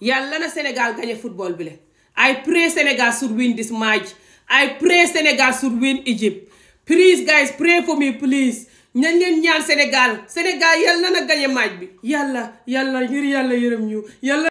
yàlla na Sénégal gagné football bi la ay pray Sénégal should win this match ay pray Sénégal should win Egypt please guys pray for me please nañ leen ñaan Sénégal Sénégal yàlla na gagné match bi yàlla yàlla ngir yàlla yërëm ñu yàlla